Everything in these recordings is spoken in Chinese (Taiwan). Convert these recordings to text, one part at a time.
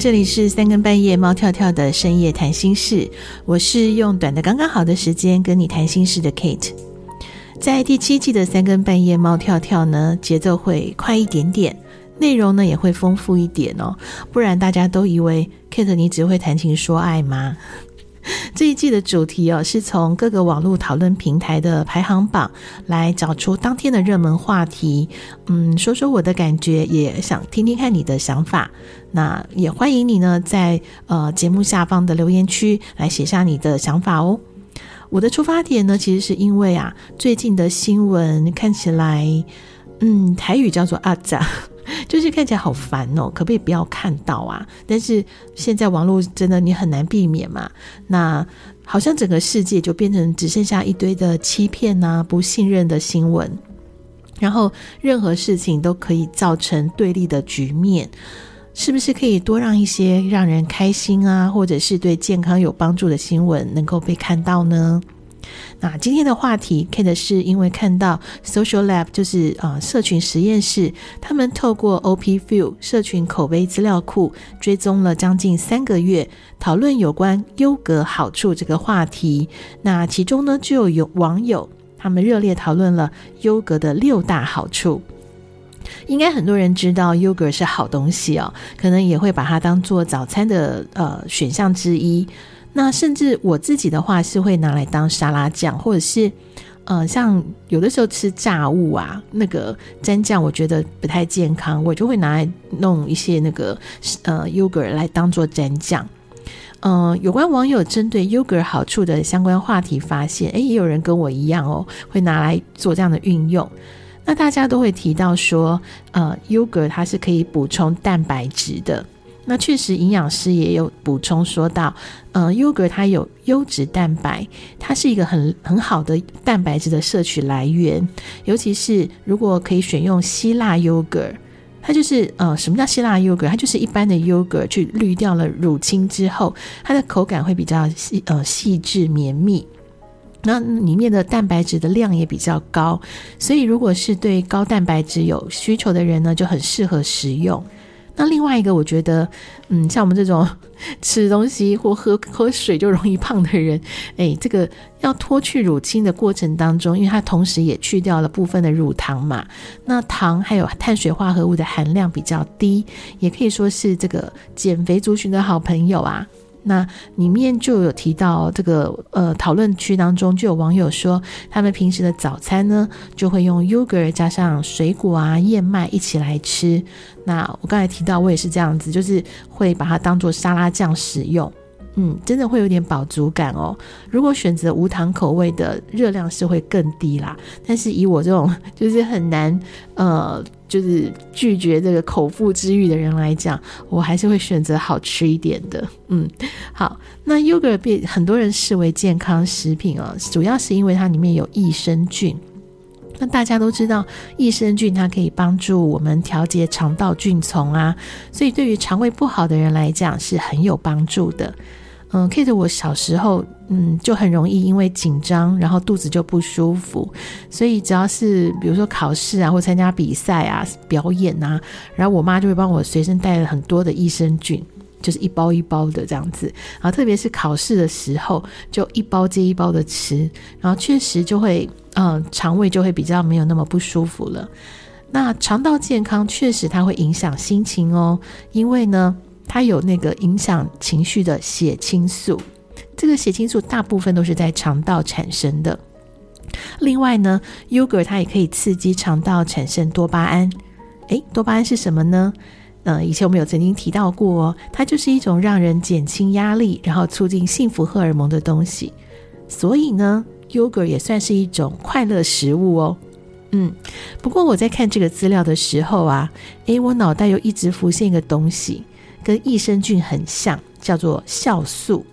這裡是三更半夜貓跳跳的深夜談心室，我是用短的剛剛好的時間跟你談心事的 Kate。在第七季的三更半夜貓跳跳呢，節奏會快一點點，內容呢也會豐富一點哦，不然大家都以為 Kate 你只會談情說愛嗎？這一季的主題哦，是從各個網絡討論平台的排行榜來找出當天的熱門話題。嗯，說說我的感覺，也想聽聽看你的想法。那也歡迎你呢，在呃節目下方的留言區來寫下你的想法哦。我的出發點呢，其實是因為啊，最近的新聞看起來，嗯，台語叫做阿雜。就是看起來好煩哦，可不可以不要看到啊？但是現在網絡真的你很難避免嘛。那好像整個世界就變成只剩下一堆的欺騙吶、啊、不信任的新聞，然後任何事情都可以造成對立的局面，是不是可以多讓一些讓人開心啊，或者是對健康有幫助的新聞能夠被看到呢？那、啊、今天的話題 Kate 是，因為看到 Social Lab 就是啊、呃，社群實驗室，他們透過 OpView 社群口碑資料庫追蹤了將近三個月，討論有關優格好處這個話題。那其中呢，就有有網友他們熱烈討論了優格的六大好處。應該很多人知道優格是好東西哦，可能也會把它當做早餐的呃選項之一。那甚至我自己的話是會拿來當沙拉醬，或者是，呃，像有的時候吃炸物啊，那個蘸醬我覺得不太健康，我就會拿來弄一些那個呃優格來當做蘸醬。嗯、呃，有關網友針對優格好處的相關話題，發現，哎，也有人跟我一樣哦，會拿來做這樣的運用。那大家都會提到說，呃，優格它是可以補充蛋白質的。那確實，營養師也有補充說到，呃，優格它有優質蛋白，它是一個很很好的蛋白質的攝取來源。尤其是如果可以選用希臘優格，它就是，呃，什麼叫希臘優格？它就是一般的優格去濾掉了乳清之後，它的口感會比較細，呃，細緻綿密，那裡面的蛋白質的量也比較高。所以如果是對高蛋白質有需求的人呢，就很適合食用。那另外一個，我覺得，嗯，像我們這種吃東西或喝喝水就容易胖的人，誒，這個要脫去乳清的過程當中，因為它同時也去掉了部分的乳糖嘛，那糖還有碳水化合物的含量比較低，也可以說是這個減肥族群的好朋友啊。那裡面就有提到這個，呃，討論區當中就有網友說，他們平時的早餐呢，就會用 yogurt 加上水果啊、燕麥一起來吃。那我剛才提到，我也是這樣子，就是會把它當做沙拉醬使用。嗯，真的會有點飽足感哦。如果選擇無糖口味的，熱量是會更低啦。但是以我這種就是很難，呃，就是拒絕這個口腹之欲的人來講，我還是會選擇好吃一點的。嗯，好，那優格被很多人視為健康食品哦，主要是因為它裡面有益生菌。那大家都知道，益生菌它可以幫助我們調節腸道菌叢啊，所以對於腸胃不好的人來講是很有幫助的。嗯，Kate，我小時候嗯就很容易因為緊張，然後肚子就不舒服，所以只要是比如說考試啊，或參加比賽啊、表演啊，然後我媽就會幫我隨身帶了很多的益生菌，就是一包一包的這樣子，然後特別是考試的時候就一包接一包的吃，然後確實就會嗯腸胃就會比較沒有那麼不舒服了。那腸道健康確實它會影響心情哦，因為呢。它有那個影響情緒的血清素，這個血清素大部分都是在腸道產生的。另外呢，優格它也可以刺激腸道產生多巴胺。誒，多巴胺是什麼呢？呃，以前我們有曾經提到過哦，它就是一種讓人減輕壓力，然後促進幸福荷爾蒙的東西。所以呢，優格也算是一種快樂食物哦。嗯，不過我在看這個資料的時候啊，誒，我腦袋又一直浮現一個東西。跟益生菌很像，叫做酵素。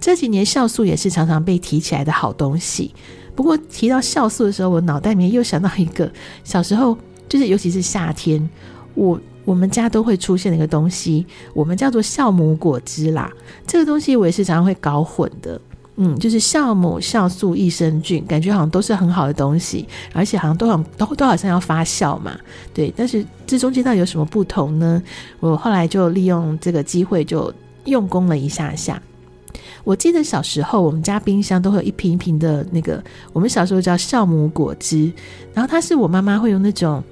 這幾年酵素也是常常被提起來的好東西。不過提到酵素的時候，我腦袋裡面又想到一個小時候，就是尤其是夏天，我我們家都會出現的一個東西，我們叫做酵母果汁啦。這個東西我也是常常會搞混的。嗯，就是酵母、酵素、益生菌，感覺好像都是很好的東西，而且好像都很都都好像要發酵嘛，對。但是這中間到底有什麼不同呢？我後來就利用這個機會就用功了一下下。我記得小時候我們家冰箱都會有一瓶一瓶的那個，我們小時候叫酵母果汁，然後它是我媽媽會用那種。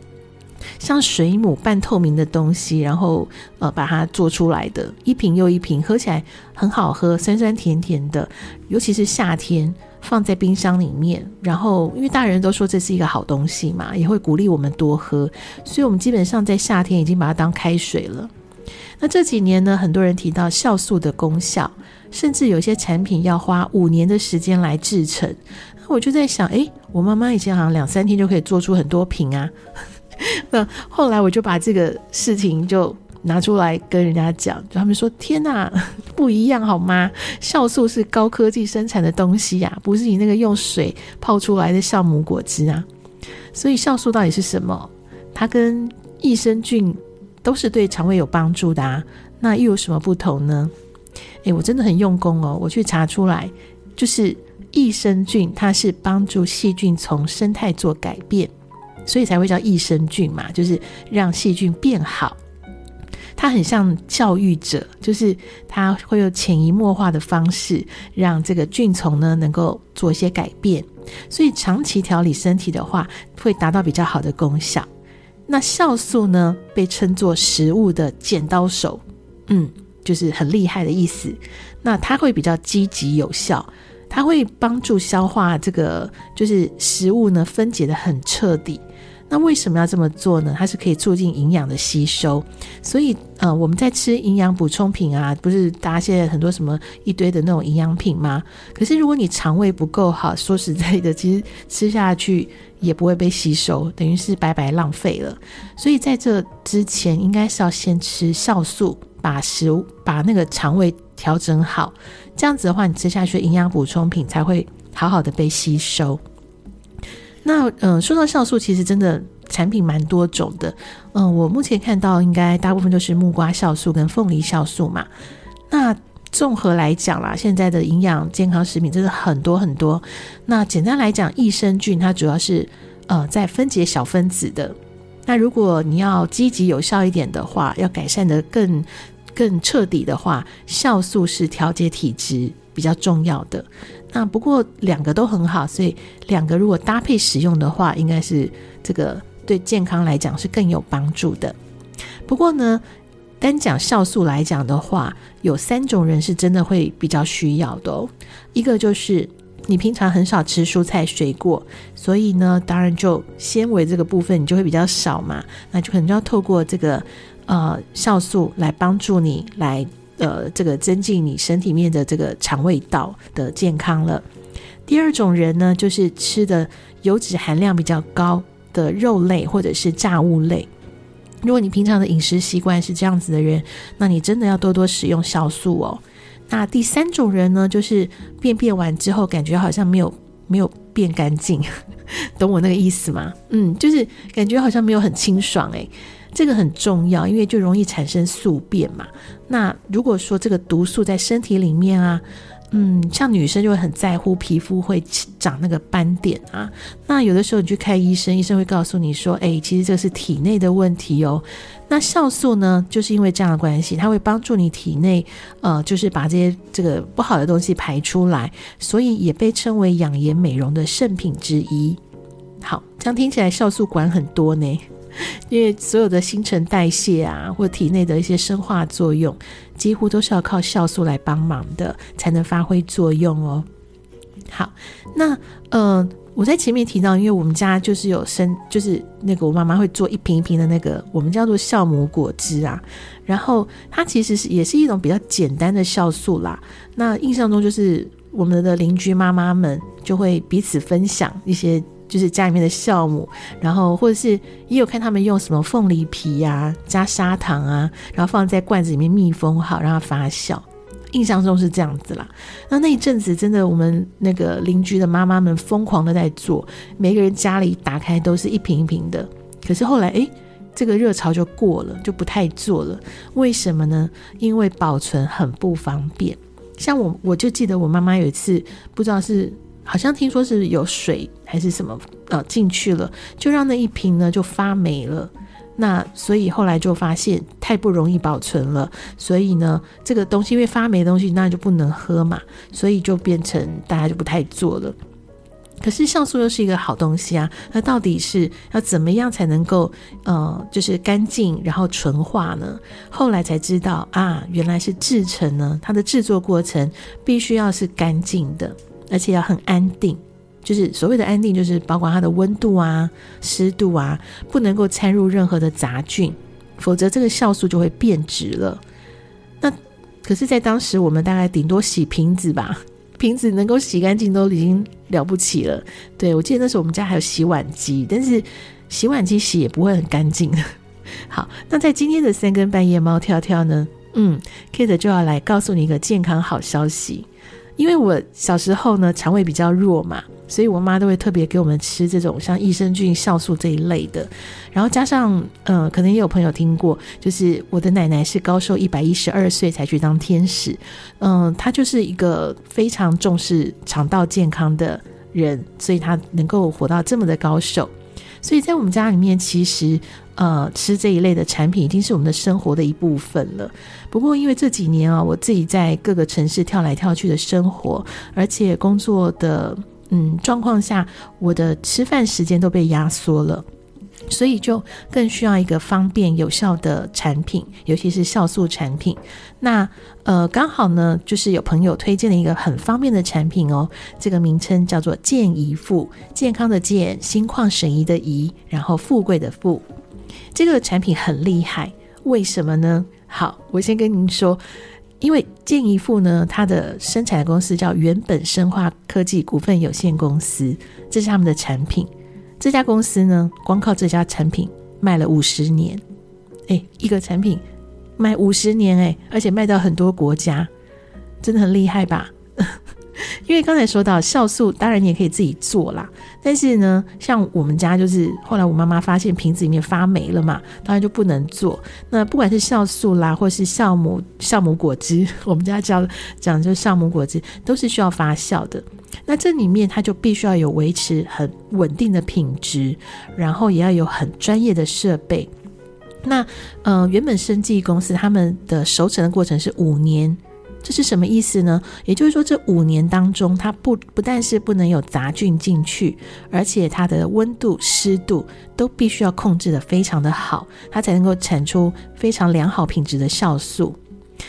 像水母半透明的東西，然後呃、把它做出來的，一瓶又一瓶，喝起來很好喝，酸酸甜甜的，尤其是夏天放在冰箱裡面，然後因為大人都說這是一個好東西嘛，也會鼓勵我們多喝，所以我們基本上在夏天已經把它當開水了。那這幾年呢，很多人提到酵素的功效，甚至有些產品要花五年的時間來製成，我就在想，誒，我媽媽以前好像兩三天就可以做出很多瓶啊。 那後來我就把這個事情就拿出來跟人家講，就他們說：“天哪，不一樣好嗎？酵素是高科技生產的東西呀，不是你那個用水泡出來的酵母果汁啊。”所以酵素到底是什麼？它跟益生菌都是對腸胃有幫助的啊，那又有什麼不同呢？誒，我真的很用功哦，我去查出來，就是益生菌它是幫助細菌從生態做改變。所以才會叫益生菌嘛，就是讓細菌變好。它很像教育者，就是它會有潛移默化的方式，讓這個菌叢呢，能夠做一些改變。所以長期調理身體的話，會達到比較好的功效。那酵素呢，被稱作食物的剪刀手，嗯，就是很厲害的意思。那它會比較積極有效，它會幫助消化這個，就是食物呢，分解得很徹底。那為什麼要這麼做呢？它是可以促進營養的吸收，所以呃，我們在吃營養補充品啊，不是大家現在很多什麼一堆的那種營養品嗎？可是如果你腸胃不夠好，說實在的，其實吃下去也不會被吸收，等於是白白浪費了。所以在這之前，應該是要先吃酵素，把食物、把那個腸胃調整好，這樣子的話，你吃下去的營養補充品才會好好的被吸收。那嗯、呃，說到酵素，其實真的產品蠻多種的。嗯、呃，我目前看到應該大部分就是木瓜酵素跟鳳梨酵素嘛。那綜合來講啦，現在的營養健康食品真的很多很多。那簡單來講，益生菌它主要是呃在分解小分子的。那如果你要積極有效一點的話，要改善得更更徹底的話，酵素是調節體質比較重要的。那不過兩個都很好，所以兩個如果搭配使用的話，應該是這個對健康來講是更有幫助的。不過呢，單講酵素來講的話，有三種人是真的會比較需要的哦。一個就是你平常很少吃蔬菜水果，所以呢，當然就纖維這個部分你就會比較少嘛，那就可能就要透過這個呃酵素來幫助你來。呃，這個增進你身體面的這個腸胃道的健康了。第二種人呢，就是吃的油脂含量比較高的肉類或者是炸物類。如果你平常的飲食習慣是這樣子的人，那你真的要多多使用酵素哦。那第三種人呢，就是便便完之後感覺好像沒有沒有變乾淨，懂我那個意思嗎？嗯，就是感覺好像沒有很清爽誒、欸。這個很重要，因為就容易產生宿便嘛。那如果說這個毒素在身體裡面啊，嗯，像女生就會很在乎皮膚會長那個斑點啊。那有的時候你去看醫生，醫生會告訴你說，哎，其實這是體內的問題哦。那酵素呢，就是因為這樣的關係，它會幫助你體內，呃，就是把這些這個不好的東西排出來，所以也被稱為養顏美容的聖品之一。好，這樣聽起來酵素管很多呢。因為所有的新陳代謝啊，或體內的一些生化作用，幾乎都是要靠酵素來幫忙的，才能發揮作用哦。好，那呃，我在前面提到，因為我們家就是有生，就是那個我媽媽會做一瓶一瓶的那個，我們叫做酵母果汁啊，然後它其實是也是一種比較簡單的酵素啦。那印象中就是我們的鄰居媽媽們就會彼此分享一些。就是家裡面的酵母，然後或者是也有看他們用什麼鳳梨皮呀、啊，加砂糖啊，然後放在罐子裡面密封好，讓它發酵。印象中是這樣子啦。那那一陣子真的，我們那個鄰居的媽媽們瘋狂的在做，每個人家裡打開都是一瓶一瓶的。可是後來，誒，這個熱潮就過了，就不太做了。為什麼呢？因為保存很不方便。像我，我就記得我媽媽有一次，不知道是。好像聽說是，是有水還是什麼呃，進去了，就讓那一瓶呢就發霉了。那所以後來就發現太不容易保存了，所以呢這個東西因為發霉的東西那就不能喝嘛，所以就變成大家就不太做了。可是酵素又是一個好東西啊，那到底是要怎麼樣才能夠呃就是乾淨，然後純化呢？後來才知道啊，原來是製程呢它的製作過程必須要是乾淨的。而且要很安定，就是所謂的安定，就是包括它的溫度啊、濕度啊，不能夠摻入任何的雜菌，否則這個酵素就會變質了。那可是，在當時我們大概頂多洗瓶子吧，瓶子能夠洗乾淨都已經了不起了。對，我記得那時候我們家還有洗碗機，但是洗碗機洗也不會很乾淨。好，那在今天的三更半夜，貓跳跳呢？嗯，Kate 就要來告訴你一個健康好消息。因為我小時候呢，腸胃比較弱嘛，所以我媽都會特別給我們吃這種像益生菌、酵素這一類的。然後加上，呃，可能也有朋友聽過，就是我的奶奶是高壽一百一十二歲才去當天使，嗯、呃，她就是一個非常重視腸道健康的人，所以她能夠活到這麼的高壽。所以在我們家裡面，其實，呃，吃這一類的產品已經是我們的生活的一部分了。不過，因為這幾年啊，我自己在各個城市跳來跳去的生活，而且工作的嗯狀況下，我的吃飯時間都被壓縮了。所以就更需要一個方便有效的產品，尤其是酵素產品。那呃，剛好呢，就是有朋友推薦了一個很方便的產品哦。這個名稱叫做“健怡富”，健康的健，心曠神怡的怡，然後富貴的富。這個產品很厲害，為什麼呢？好，我先跟您說，因為健怡富呢，它的生產公司叫原本生化科技股份有限公司，這是他們的產品。這家公司呢，光靠這家產品賣了五十年，哎，一個產品賣五十年，哎，而且賣到很多國家，真的很厲害吧？因為剛才說到酵素，當然你也可以自己做啦。但是呢，像我們家就是後來我媽媽發現瓶子裡面發霉了嘛，當然就不能做。那不管是酵素啦，或是酵母、酵母果汁，我們家叫，講的就是酵母果汁，都是需要發酵的。那這裡面它就必須要有維持很穩定的品質，然後也要有很專業的設備。那嗯、呃，原本生技公司他們的熟成的過程是五年。這是什麼意思呢？也就是說，這五年當中，它不不但是不能有雜菌進去，而且它的溫度、濕度都必須要控制得非常的好，它才能夠產出非常良好品質的酵素。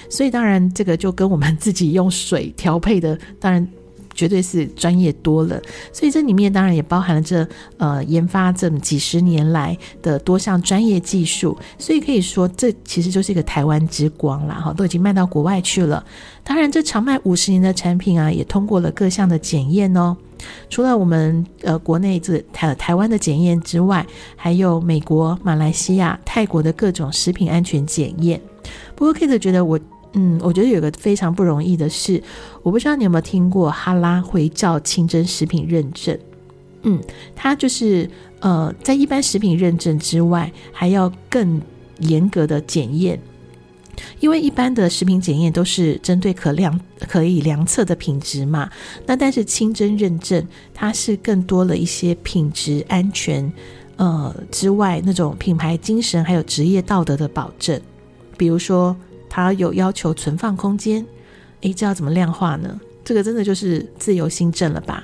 所以，當然這個就跟我們自己用水調配的，當然。絕對是專業多了，所以這裡面當然也包含了這呃研發這麼幾十年來的多項專業技術，所以可以說這其實就是一個台灣之光啦哈，都已經賣到國外去了。當然，這長賣五十年的產品啊，也通過了各項的檢驗哦。除了我們呃國內這台台灣的檢驗之外，還有美國、馬來西亞、泰國的各種食品安全檢驗。不過 Kate 覺得我。嗯，我覺得有個非常不容易的是，我不知道你有沒有聽過哈拉回教清真食品認證。嗯，它就是呃，在一般食品認證之外，還要更嚴格的檢驗，因為一般的食品檢驗都是針對可量可以量測的品質嘛。那但是清真認證，它是更多了一些品質安全，呃之外那種品牌精神還有職業道德的保證，比如說。它有要求存放空間，誒，這要怎麼量化呢？這個真的就是自由心證了吧？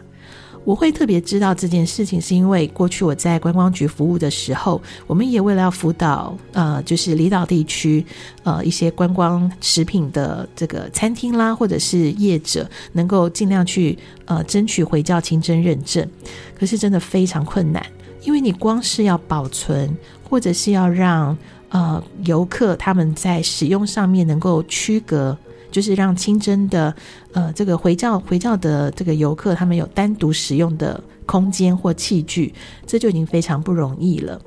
我會特別知道這件事情，是因為過去我在觀光局服務的時候，我們也為了要輔導呃，就是離島地區呃一些觀光食品的這個餐廳啦，或者是業者，能夠盡量去呃爭取回教清真認證，可是真的非常困難，因為你光是要保存，或者是要讓。呃，遊客他們在使用上面能夠區隔，就是讓清真的呃這個回教回教的這個遊客他們有單獨使用的空間或器具，這就已經非常不容易了。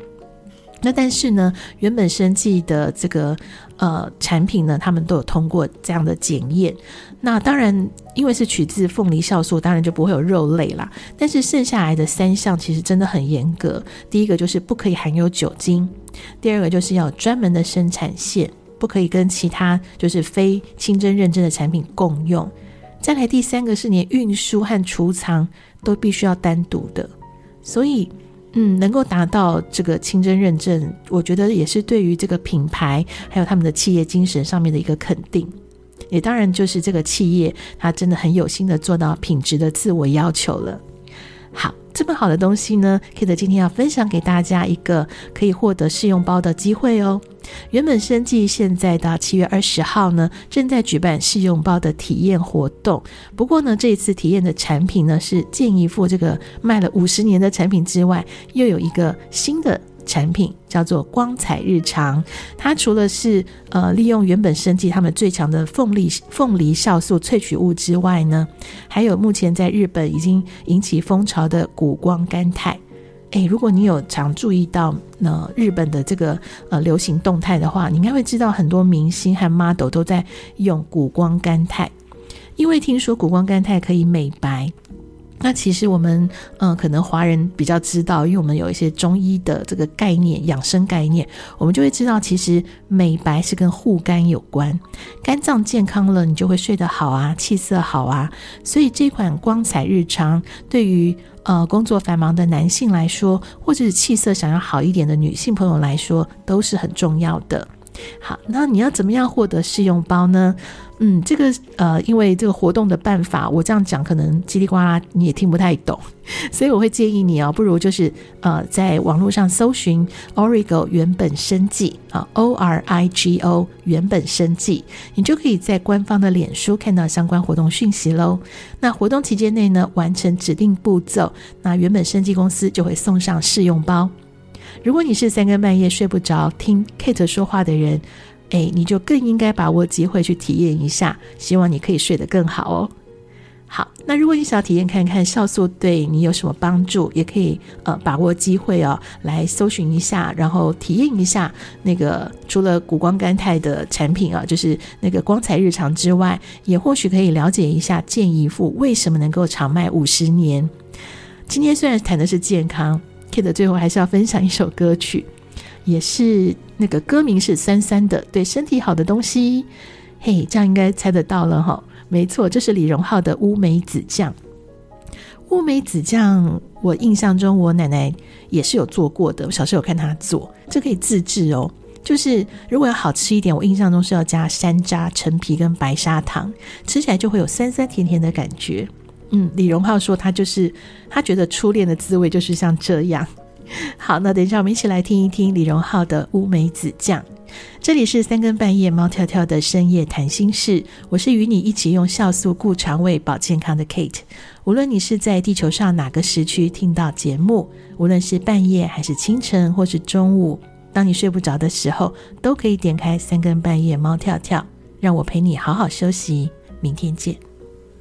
那但是呢，原本生技的這個呃產品呢，他們都有通過這樣的檢驗。那當然，因為是取自鳳梨酵素，當然就不會有肉類啦。但是剩下來的三項其實真的很嚴格，第一個就是不可以含有酒精。第二個就是要專門的生產線，不可以跟其他就是非清真認證的產品共用。再來第三個是連運輸和儲藏都必須要單獨的。所以，嗯，能夠達到這個清真認證，我覺得也是對於這個品牌還有他們的企業精神上面的一個肯定。也當然就是這個企業，他真的很有心的做到品質的自我要求了。好，這麼好的東西呢，Kate 今天要分享給大家一個可以獲得試用包的機會哦。原本生技，現在到七月二十號呢，正在舉辦試用包的體驗活動。不過呢，這一次體驗的產品呢，是建一付這個賣了五十年的產品之外，又有一個新的。產品叫做光彩日常，它除了是呃利用原本生技，他們最強的鳳梨鳳梨酵素萃取物之外呢，還有目前在日本已經引起風潮的谷胱甘肽。誒，如果你有常注意到呢、呃，日本的這個呃流行動態的話，你應該會知道很多明星和 model 都在用谷胱甘肽，因為聽說谷胱甘肽可以美白。那其實我們，嗯、呃，可能華人比較知道，因為我們有一些中醫的這個概念、養生概念，我們就會知道，其實美白是跟護肝有關。肝臟健康了，你就會睡得好啊，氣色好啊。所以這款光彩日常，對於呃工作繁忙的男性來說，或者是氣色想要好一點的女性朋友來說，都是很重要的。好，那你要怎麼樣獲得試用包呢？嗯，這個呃，因為這個活動的辦法，我這樣講可能嘰里呱啦你也聽不太懂，所以我會建議你哦，不如就是呃，在網絡上搜尋 Origo 原本生技啊、呃、O R I G O 原本生技，你就可以在官方的臉書看到相關活動訊息嘍。那活動期間內呢，完成指定步驟，那原本生技公司就會送上試用包。如果你是三更半夜睡不着聽 Kate 說話的人。哎、欸，你就更應該把握機會去體驗一下，希望你可以睡得更好哦。好，那如果你想要體驗看看酵素對你有什麼幫助，也可以呃把握機會哦，來搜尋一下，然後體驗一下那個除了穀胱甘肽的產品啊，就是那個光彩日常之外，也或許可以了解一下健議富為什麼能夠長賣五十年。今天雖然談的是健康，Kate 最後還是要分享一首歌曲。也是那個歌名是酸酸的，對身體好的東西，嘿、hey，這樣應該猜得到了哈、哦。沒錯，這是李榮浩的烏梅子醬。烏梅子醬，我印象中我奶奶也是有做過的，我小時候有看她做，這可以自製哦。就是如果要好吃一點，我印象中是要加山楂、陳皮跟白砂糖，吃起來就會有酸酸甜甜的感覺。嗯，李榮浩說他就是他覺得初戀的滋味就是像這樣。好，那等一下，我們一起來聽一聽李榮浩的《烏梅子醬》。這裡是三更半夜，貓跳跳的深夜談心室。我是與你一起用酵素顧腸胃、保健康的 Kate。無論你是在地球上哪個時區聽到節目，無論是半夜還是清晨，或是中午，當你睡不着的時候，都可以點開三更半夜貓跳跳，讓我陪你好好休息。明天見。